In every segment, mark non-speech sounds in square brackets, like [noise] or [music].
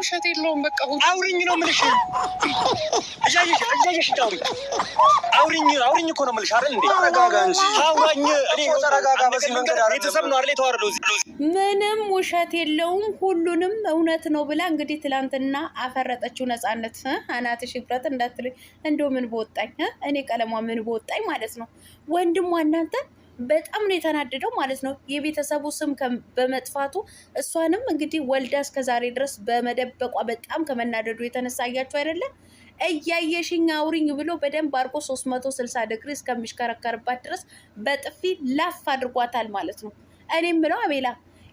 ውሸት የለውም። በቃ አውሪኝ ነው የምልሽ። እያየሽ አውሪኝ አውሪኝ እኮ ነው የምልሽ አረ እንዴ? ተረጋጋ እንጂ አውራኝ። እኔ ተረጋጋ። በዚህ መንገድ ቤተሰብ ነው አይደል የተዋረደው። ምንም ውሸት የለውም፣ ሁሉንም እውነት ነው ብላ እንግዲህ ትላንትና አፈረጠችው። ነፃነት አናትሽ ይብረት እንዳትል እንደው ምን በወጣኝ እኔ ቀለሟ ምን በወጣኝ ማለት ነው ወንድሟ እናንተ በጣም ነው የተናደደው ማለት ነው። የቤተሰቡ ስም በመጥፋቱ እሷንም እንግዲህ ወልዳ እስከዛሬ ድረስ በመደበቋ በጣም ከመናደዱ የተነሳ እያችሁ አይደለም እያየሽኝ አውሪኝ ብሎ በደንብ አድርጎ 360 ዲግሪ እስከሚሽከረከርባት ድረስ በጥፊ ላፍ አድርጓታል ማለት ነው። እኔ ምለው አቤላ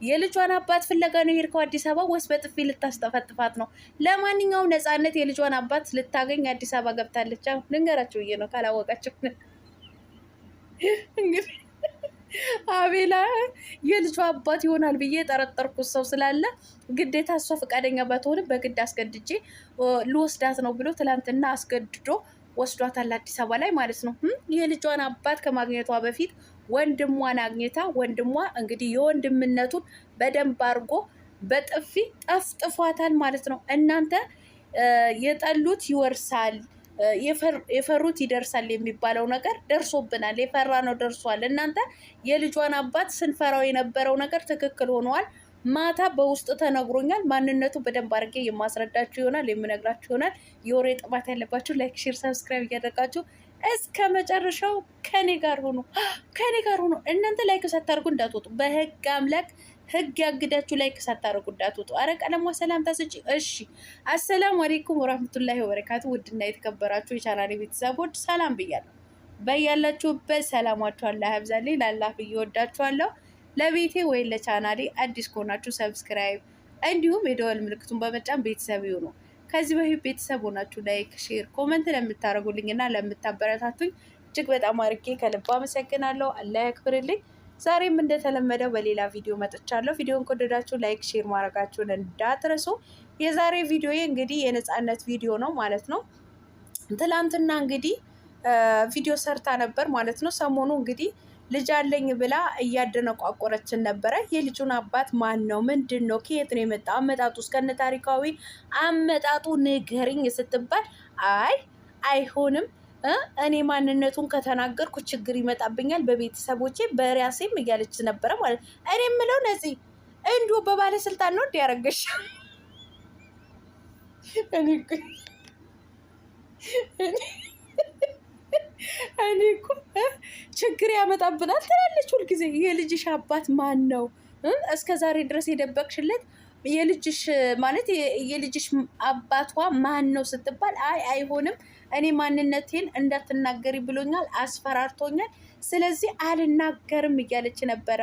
የልጇን አባት ፍለጋ ነው የሄድከው አዲስ አበባ ወይስ በጥፊ ልታስጠፈጥፋት ነው? ለማንኛውም ነፃነት የልጇን አባት ልታገኝ አዲስ አበባ ገብታለች። ልንገራቸው ብዬ ነው ካላወቃቸው እንግዲህ አቤላ የልጇ አባት ይሆናል ብዬ የጠረጠርኩት ሰው ስላለ ግዴታ እሷ ፈቃደኛ ባትሆንም በግድ አስገድጄ ልወስዳት ነው ብሎ ትላንትና አስገድዶ ወስዷታል፣ አዲስ አበባ ላይ ማለት ነው። የልጇን አባት ከማግኘቷ በፊት ወንድሟን አግኝታ ወንድሟ እንግዲህ የወንድምነቱን በደንብ አድርጎ በጥፊ ጠፍጥፏታል ማለት ነው። እናንተ የጠሉት ይወርሳል የፈሩት ይደርሳል የሚባለው ነገር ደርሶብናል። የፈራ ነው ደርሷል። እናንተ የልጇን አባት ስንፈራው የነበረው ነገር ትክክል ሆነዋል። ማታ በውስጥ ተነግሮኛል። ማንነቱ በደንብ አድርጌ የማስረዳችሁ ይሆናል፣ የምነግራችሁ ይሆናል። የወሬ ጥማት ያለባችሁ ላይክ፣ ሼር፣ ሰብስክራይብ እያደረጋችሁ እስከ መጨረሻው ከኔ ጋር ሆኖ [gasps] ከኔ ጋር ሆኖ እናንተ ላይክ ሳታደርጉ እንዳትወጡ በህግ አምላክ ህግ ያግዳችሁ። ላይክ ሳታረጉ እንዳትወጡ። አረ ቀለሟ ሰላምታ ስጪ። እሺ፣ አሰላሙ አሌይኩም ወራህመቱላሂ ወበረካቱ። ውድና የተከበራችሁ የቻናሌ ቤተሰቦች ሰላም ብያለሁ። በያላችሁበት ሰላማችሁ አላህ ያብዛልኝ። ላላህ ብዬ ለቤቴ ወይም ለቻናሌ አዲስ ከሆናችሁ ሰብስክራይብ እንዲሁም የደወል ምልክቱን በመጫን ቤተሰብ ይሁኑ። ከዚህ በፊት ቤተሰብ ሆናችሁ ላይክ፣ ሼር፣ ኮመንት ለምታደርጉልኝ እና ለምታበረታቱኝ እጅግ በጣም አርጌ ከልባ አመሰግናለሁ። አላህ ያክብርልኝ። ዛሬም እንደተለመደው በሌላ ቪዲዮ መጥቻለሁ። ቪዲዮን ከወደዳችሁ ላይክ፣ ሼር ማድረጋችሁን እንዳትረሱ። የዛሬ ቪዲዮ እንግዲህ የነፃነት ቪዲዮ ነው ማለት ነው። ትላንትና እንግዲህ ቪዲዮ ሰርታ ነበር ማለት ነው። ሰሞኑ እንግዲህ ልጅ አለኝ ብላ እያደነቋቆረችን ነበረ። የልጁን አባት ማን ነው? ምንድን ነው? ከየት ነው የመጣ? አመጣጡ እስከነ ታሪካዊ አመጣጡ ንገሪኝ ስትባል አይ አይሆንም እኔ ማንነቱን ከተናገርኩ ችግር ይመጣብኛል በቤተሰቦቼ በራሴም እያለች ነበረ ማለት እኔ የምለው ነፂ እንዲሁ በባለስልጣን ነው እንዲያረገሽ እኔ እኮ ችግር ያመጣብናል ትላለች ሁልጊዜ የልጅሽ አባት ማን ነው እስከ ዛሬ ድረስ የደበቅሽለት የልጅሽ ማለት የልጅሽ አባቷ ማን ነው ስትባል፣ አይ አይሆንም፣ እኔ ማንነቴን እንዳትናገሪ ብሎኛል፣ አስፈራርቶኛል፣ ስለዚህ አልናገርም እያለች ነበረ።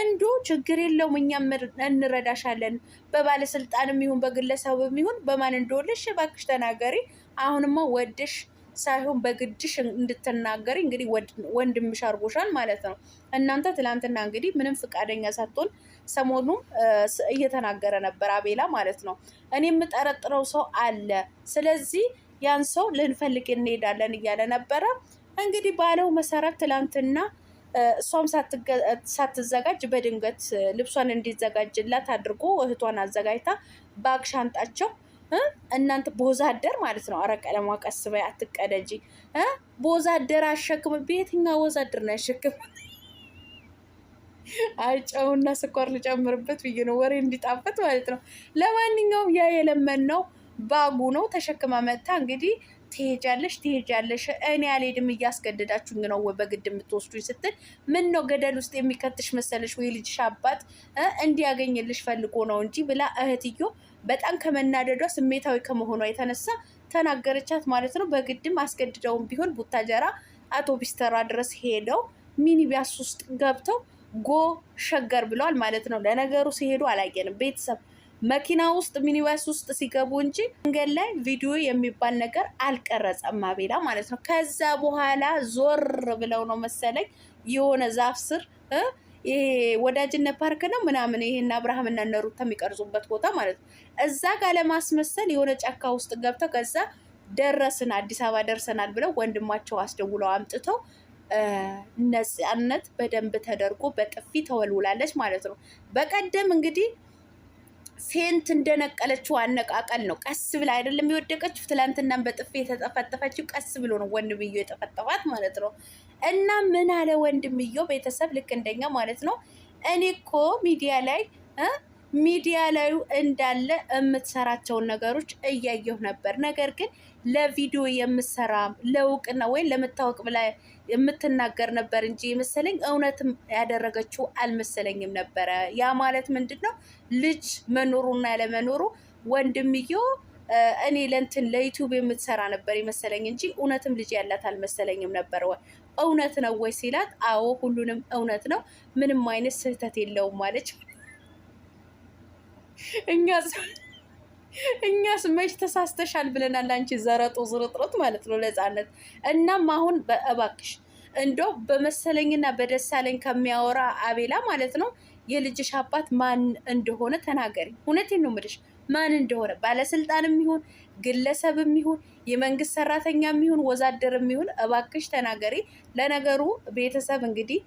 እንዱ ችግር የለውም እኛም እንረዳሻለን፣ በባለስልጣንም ይሁን በግለሰብም ይሁን በማን እንደሆነሽ እባክሽ ተናገሪ። አሁንማ ወድሽ ሳይሆን በግድሽ እንድትናገሪ እንግዲህ ወንድምሽ አርጎሻል ማለት ነው። እናንተ ትላንትና እንግዲህ ምንም ፈቃደኛ ሳትሆን ሰሞኑም እየተናገረ ነበር አቤላ ማለት ነው። እኔ የምጠረጥረው ሰው አለ፣ ስለዚህ ያን ሰው ልንፈልግ እንሄዳለን እያለ ነበረ። እንግዲህ ባለው መሰረት ትላንትና እሷም ሳትዘጋጅ በድንገት ልብሷን እንዲዘጋጅላት አድርጎ እህቷን አዘጋጅታ ባግ ሻንጣቸው እናንተ በወዛደር ማለት ነው። አረ ቀለሟ ቀስ በይ አትቀደጂ። በወዛደር አሸክም ቤትኛ ወዛደር ነው ያሸክም አጨውና ስኳር ልጨምርበት ብዬ ነው ወሬ እንዲጣፍጥ ማለት ነው። ለማንኛውም ያ የለመነው ባጉ ነው ተሸክማ መጥታ እንግዲህ ትሄጃለሽ ትሄጃለሽ፣ እኔ አልሄድም እያስገደዳችሁኝ ነው በግድ የምትወስዱኝ ስትል፣ ምን ነው ገደል ውስጥ የሚከትሽ መሰለሽ ወይ ልጅሽ አባት እንዲያገኝልሽ ፈልጎ ነው እንጂ ብላ እህትዮ በጣም ከመናደዷ ስሜታዊ ከመሆኗ የተነሳ ተናገረቻት ማለት ነው። በግድም አስገድደውም ቢሆን ቡታጀራ አውቶቢስ ተራ ድረስ ሄደው ሚኒባስ ውስጥ ገብተው ጎ ሸገር ብለዋል ማለት ነው። ለነገሩ ሲሄዱ አላየንም። ቤተሰብ መኪና ውስጥ ሚኒባስ ውስጥ ሲገቡ እንጂ መንገድ ላይ ቪዲዮ የሚባል ነገር አልቀረጸም አቤላ ማለት ነው። ከዛ በኋላ ዞር ብለው ነው መሰለኝ የሆነ ዛፍ ስር ይሄ ወዳጅነት ፓርክ ነው ምናምን ይሄን አብርሃም እነ ሩታ የሚቀርጹበት ቦታ ማለት ነው። እዛ ጋር ለማስመሰል የሆነ ጫካ ውስጥ ገብተው ከዛ ደረስን አዲስ አበባ ደርሰናል ብለው ወንድማቸው አስደውለው አምጥተው ነፃነት በደንብ ተደርጎ በጥፊ ተወልውላለች ማለት ነው። በቀደም እንግዲህ ፌንት እንደነቀለችው አነቃቀል ነው። ቀስ ብላ አይደለም የወደቀችው። ትላንትናም በጥፊ የተጠፈጠፈችው ቀስ ብሎ ነው ወንድምየው የጠፈጠፋት ማለት ነው። እና ምን አለ ወንድምየው ቤተሰብ ልክ እንደኛ ማለት ነው። እኔ እኮ ሚዲያ ላይ ሚዲያ ላይ እንዳለ የምትሰራቸውን ነገሮች እያየሁ ነበር። ነገር ግን ለቪዲዮ የምትሰራ ለእውቅና ወይም ለመታወቅ ብላ የምትናገር ነበር እንጂ መሰለኝ እውነትም ያደረገችው አልመሰለኝም ነበረ። ያ ማለት ምንድን ነው ልጅ መኖሩና ያለመኖሩ ወንድምየው እኔ ለእንትን ለዩቱብ የምትሰራ ነበር ይመሰለኝ እንጂ እውነትም ልጅ ያላት አልመሰለኝም ነበር። እውነት ነው ወይ ሲላት፣ አዎ ሁሉንም እውነት ነው፣ ምንም አይነት ስህተት የለውም ማለች። እኛስ እኛስ መች ተሳስተሻል ብለናል። አንቺ ዘረጡ ዝርጥርጥ ማለት ነው ለህፃነት። እናም አሁን በእባክሽ እንደው በመሰለኝና በደሳለኝ ከሚያወራ አቤላ ማለት ነው የልጅሽ አባት ማን እንደሆነ ተናገሪ። እውነቴን ነው የምልሽ ማን እንደሆነ ባለስልጣንም ይሁን ግለሰብም ይሁን የመንግስት ሰራተኛም ይሁን ወዛደርም ይሁን እባክሽ ተናገሪ። ለነገሩ ቤተሰብ እንግዲህ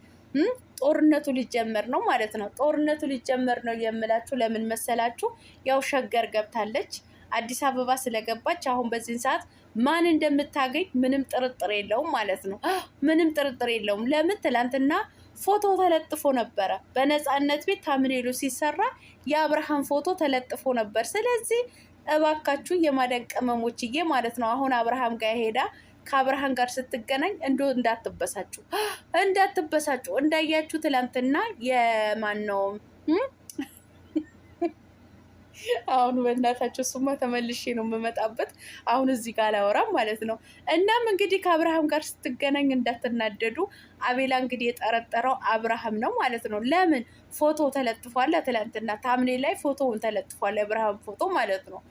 ጦርነቱ ሊጀመር ነው ማለት ነው። ጦርነቱ ሊጀመር ነው የምላችሁ ለምን መሰላችሁ? ያው ሸገር ገብታለች አዲስ አበባ ስለገባች አሁን በዚህን ሰዓት ማን እንደምታገኝ ምንም ጥርጥር የለውም ማለት ነው። ምንም ጥርጥር የለውም። ለምን ትላንትና ፎቶ ተለጥፎ ነበረ በነፃነት ቤት ታምኔሉ ሲሰራ የአብርሃም ፎቶ ተለጥፎ ነበር። ስለዚህ እባካችሁ የማደንቅ ቅመሞችዬ ማለት ነው አሁን አብርሃም ጋር ሄዳ ከአብርሃን ጋር ስትገናኝ እንዶ እንዳትበሳጩ እንዳትበሳጩ። እንዳያችሁ ትላንትና የማን ነው አሁን በእናታቸው ስማ ተመልሼ ነው የምመጣበት። አሁን እዚህ ጋር አላወራም ማለት ነው። እናም እንግዲህ ከአብርሃም ጋር ስትገናኝ እንዳትናደዱ። አቤላ እንግዲህ የጠረጠረው አብርሃም ነው ማለት ነው። ለምን ፎቶ ተለጥፏል፣ ትላንትና ታምኔ ላይ ፎቶውን ተለጥፏል፣ የአብርሃም ፎቶ ማለት ነው።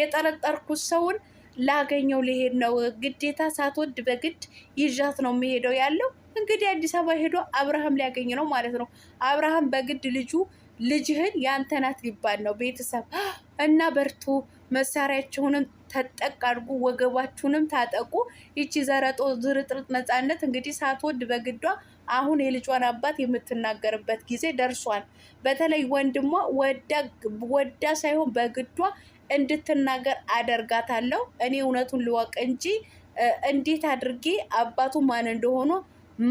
የጠረጠርኩት ሰውን ላገኘው ልሄድ ነው ግዴታ፣ ሳትወድ በግድ ይዣት ነው የሚሄደው ያለው። እንግዲህ አዲስ አበባ ሄዶ አብርሃም ሊያገኝ ነው ማለት ነው። አብርሃም በግድ ልጁ ልጅህን ያንተ ናት ሊባል ነው። ቤተሰብ እና በርቱ፣ መሳሪያቸውንም ተጠቅ አድርጉ፣ ወገባችሁንም ታጠቁ። ይቺ ዘረጦ ዝርጥርጥ ነፃነት እንግዲህ ሳትወድ በግዷ አሁን የልጇን አባት የምትናገርበት ጊዜ ደርሷል። በተለይ ወንድሟ ወዳ ሳይሆን በግዷ እንድትናገር አደርጋታለሁ። እኔ እውነቱን ልወቅ እንጂ እንዴት አድርጌ አባቱ ማን እንደሆኑ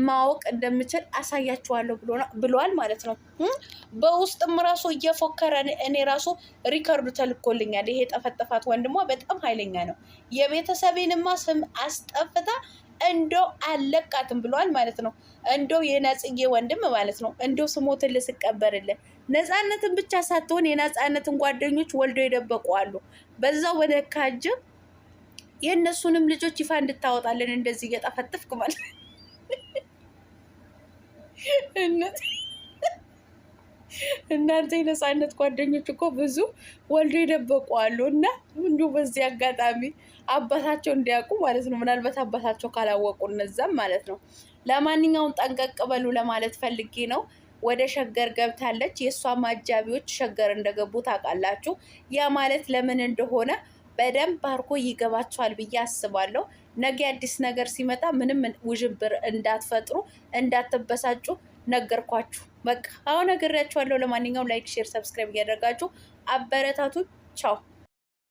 ማወቅ እንደምችል አሳያችኋለሁ ብሏል ማለት ነው። በውስጥም ራሱ እየፎከረ እኔ ራሱ ሪከርዱ ተልኮልኛል። ይሄ ጠፈጠፋት ወንድሟ በጣም ኃይለኛ ነው። የቤተሰቤንማ ስም አስጠፍታ እንደው አለቃትም ብሏል ማለት ነው። እንደው የነጽዬ ወንድም ማለት ነው። እንደው ስሞትን ልስቀበርልን ነፃነትን ብቻ ሳትሆን የነፃነትን ጓደኞች ወልደው የደበቁ አሉ። በዛው በደካጅ የእነሱንም ልጆች ይፋ እንድታወጣለን እንደዚህ እየጠፈጥፍክ ማለት እናንተ የነፃነት ጓደኞች እኮ ብዙ ወልዶ የደበቁ አሉ። እና እንዲሁ በዚህ አጋጣሚ አባታቸው እንዲያውቁ ማለት ነው። ምናልባት አባታቸው ካላወቁ እነዛም ማለት ነው። ለማንኛውም ጠንቀቅ በሉ ለማለት ፈልጌ ነው። ወደ ሸገር ገብታለች። የእሷ አጃቢዎች ሸገር እንደገቡ ታውቃላችሁ። ያ ማለት ለምን እንደሆነ በደንብ አርጎ ይገባቸዋል ብዬ አስባለሁ። ነገ አዲስ ነገር ሲመጣ ምንም ውዥብር እንዳትፈጥሩ፣ እንዳትበሳጩ ነገርኳችሁ። በቃ አሁን ነግሬያችኋለሁ። ለማንኛውም ላይክ፣ ሼር፣ ሰብስክራይብ እያደረጋችሁ አበረታቱ። ቻው